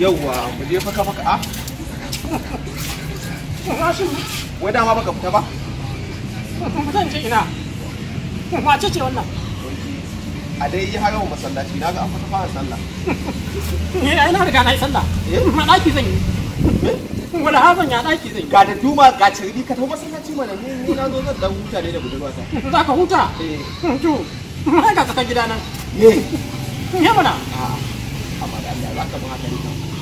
yauwa mu je faka faka ah. a wai dama baka fita ba zan je ina wace ce wannan a dai yi harawa masallaci na ga an fita fara sallah eh yi na riga na yi sallah eh? ma daki zan yi wani haban ya daki zan yi ga da duma ga cirbi ka tafi masallaci mana ni na zo zan dan huta ne da budurwata za ka huta eh to ai ga tsakar gida nan eh ya mana a'a ah. amma da Allah za ka ba hakan nan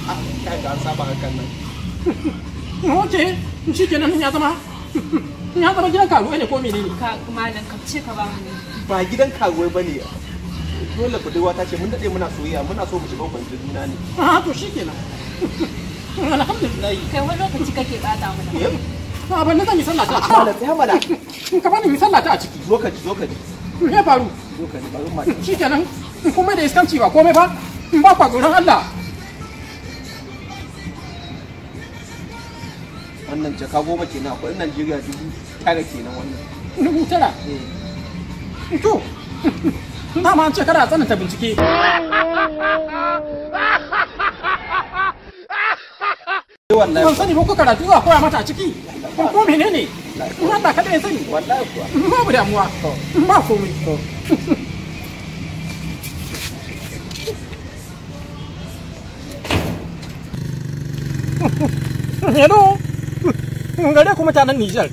a kai ga an saba hakan nan ok shi kenan ya zama ya zama gidan karuwa ne ko menene ka nan ka ce ka ba mu ne ba gidan karuwa bane dole budurwa ta ce mun dade muna soyayya muna so mu shiga kwanci juna ne a to shikenan alhamdulillah kai wani lokaci kake bata mana a ban zan yi sallah ta ciki malam sai mala ka bani yi sallah ta a ciki zo ka ji zo ka ji me faru zo ka ji bari ma shikenan kuma da iskanci ba komai ba mba kwa tsoron Allah wannan ka goma kenan akwai Najeriya dubu tara kenan wannan dubu tara eh. to na an ce kada a tsananta bincike wallahi ban ko karatu za koya mata a ciki ko menene kada ya sani wallahi kuwa babu damuwa Hello? gare kuma ta nan Nijar,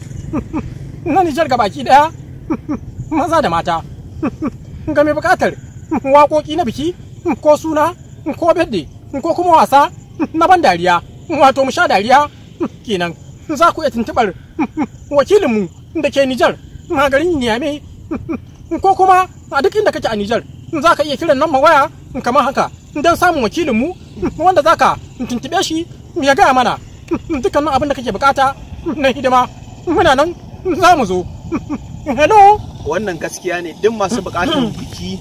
na Nijar ga baki daya maza da mata, ga mai buƙatar waƙoƙi na biki ko suna ko birthday ko kuma wasa na ban dariya, wato mu sha dariya kenan. Za ku iya tuntuɓar wakilinmu da ke Nijar a garin Niyame ko kuma a duk inda kake a Nijar za ka iya kiran nan waya kamar haka don samun mu wanda za ka tuntuɓe shi ya gaya mana dukkanin abin da kake bukata na hidima muna nan za mu zo hello wannan gaskiya ne duk masu bukatar biki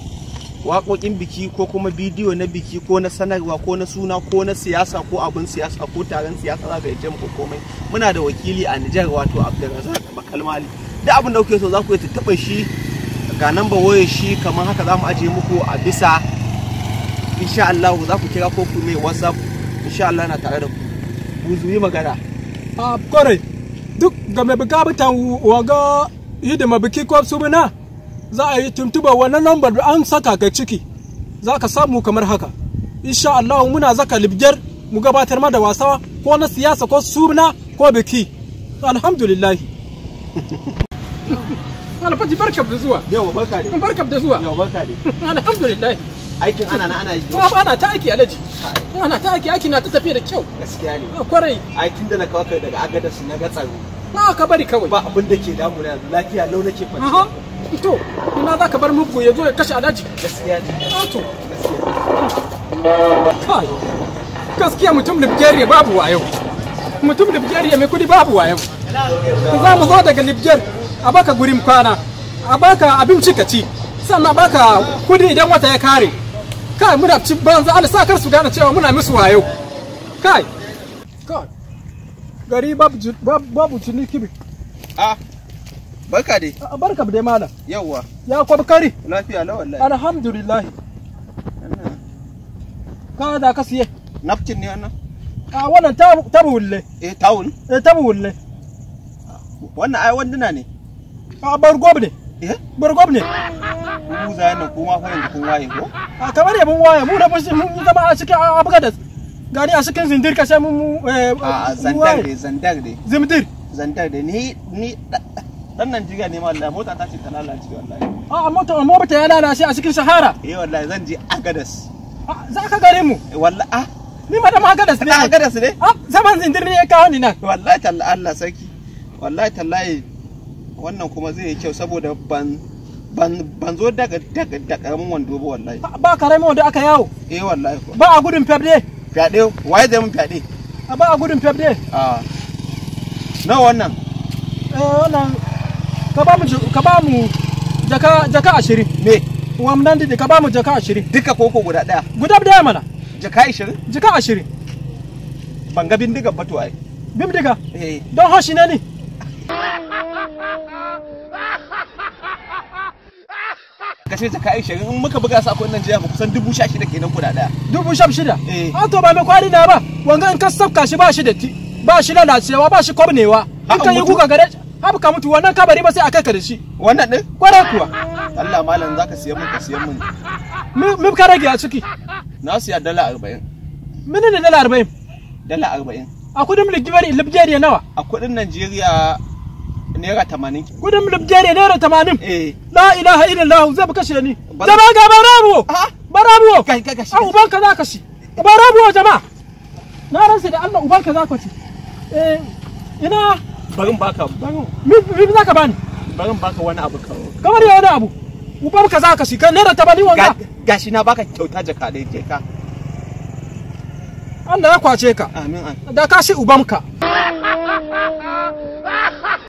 waƙoƙin biki ko kuma bidiyo na biki ko na sanarwa ko na suna ko na siyasa ko abin siyasa ko taron siyasa za ka yi ko komai muna da wakili a Nijar wato Abdulrazak Makalmali da abin da kuke so za ku yi tattaɓa shi ga namba wayar shi kamar haka za mu ajiye muku a bisa insha Allah za ku kira ko ku mai WhatsApp insha Allah na tare da ku buzu yi magana a kwarai duk ga mai bukabutan waga hidima biki ko subina za a yi tuntuba wannan lambar da an saka ga ciki za ka samu kamar haka insha Allah muna zaka libjar mu gabatar ma da wasa ko na siyasa ko su subina ko biki alhamdulillah alfaji barkab da zuwa yau barka da barkab da zuwa yau barka da alhamdulillah aikin ana na ana yi ba ana ta aiki alaji ana ta aiki aiki na ta tafiya da kyau gaskiya ne ah, kwarai aikin da na kawo kai daga su na ga tsaro ba ka bari kawai ba abin da ke damu na yanzu lafiya lau nake to ina za ka bar mugu ya zo ya kashe alaji gaskiya ne ah, to gaskiya gaskiya mutum libjeriya babu wa yau mutum libjeriya mai kudi babu wa yau. za mu zo daga libjer a baka gurin kwana a baka abinci ka ci sannan baka kudi idan wata ya kare kai muna cin banza Allah sa kar su gane cewa muna musu wayo kai kai gari babu babu ciniki bi a ah, barka dai ah, barka dai malam yawa ya kwab kari lafiya la wallahi alhamdulillah ka da ka siye nafcin ne wannan a ah, wannan tabu wulle eh tawun eh tabu wulle wannan ai wanduna ne a bargob ne eh bargob ne ku zayen kuma fa yanzu kun waye ko a ah, kamar mun waye mu da mun zama a cikin gani a cikin zindir ka sai mun eh, a ah, zandar dai zandar dai zandar dai ni ni dan nan jiga ne wallahi mota ta ce ta lalace wallahi ah, a mota amma bata ya lalace a cikin sahara eh wallahi zan je agadas za ka gare mu eh, wallahi ah ni ma da ma agadas ne agadas ne ah zaman zindir ne ya kawo ni nan wallahi talla Allah sarki wallahi tallahi wannan kuma zai yi kyau saboda ban ban zo daga daga da karamin wando ba wallahi ba karamin wando aka yawo eh wallahi ba a gudun fabde fyaɗe waye zai mun fyaɗe ba a gudun fabde a na wannan eh wannan ka ba mu ka ba mu jaka jaka 20 me wannan didi ka ba mu jaka 20 duka koko guda daya guda daya mana jaka 20 jaka 20 ban ga bindiga ba to ai bindiga eh don hoshi ne ni kashe ta kai shirin in muka buga su akwai jiya ba kusan dubu sha shida kenan kuɗa ɗaya. Dubu sha shida? Eh. A to ba mai kwari na ba wanga in ka sabka shi ba shi da ti ba shi lalacewa ba shi kwabnewa. In ka yi kuka gare haka ka mutu wannan kabari ba sai a kai ka da shi. Wannan ɗin? Kwarai kuwa. Allah malam za ka siyan min ka siyan min. Mun ka rage a ciki. Na siya dala arba'in. Mini ne dala arba'in? Dala arba'in. A kudin Ligibari Libjeriya nawa? A kudin Najeriya naira tamanin gudun jere naira tamanin eh. la ilaha illallah zai kashe ni zama ga barabuwo ah. barabuwo a ah, ubanka za ka shi barabuwo jama'a na ransa da allah ubanka za ka ci eh, ina barin baka mi za ka bani barin baka wani abu kamar ya wani abu ubanka za ka shi kan naira tamanin wanga gashi na baka kyauta jaka da jeka Allah ya kwace ka. Amin. Da ka shi ubanka.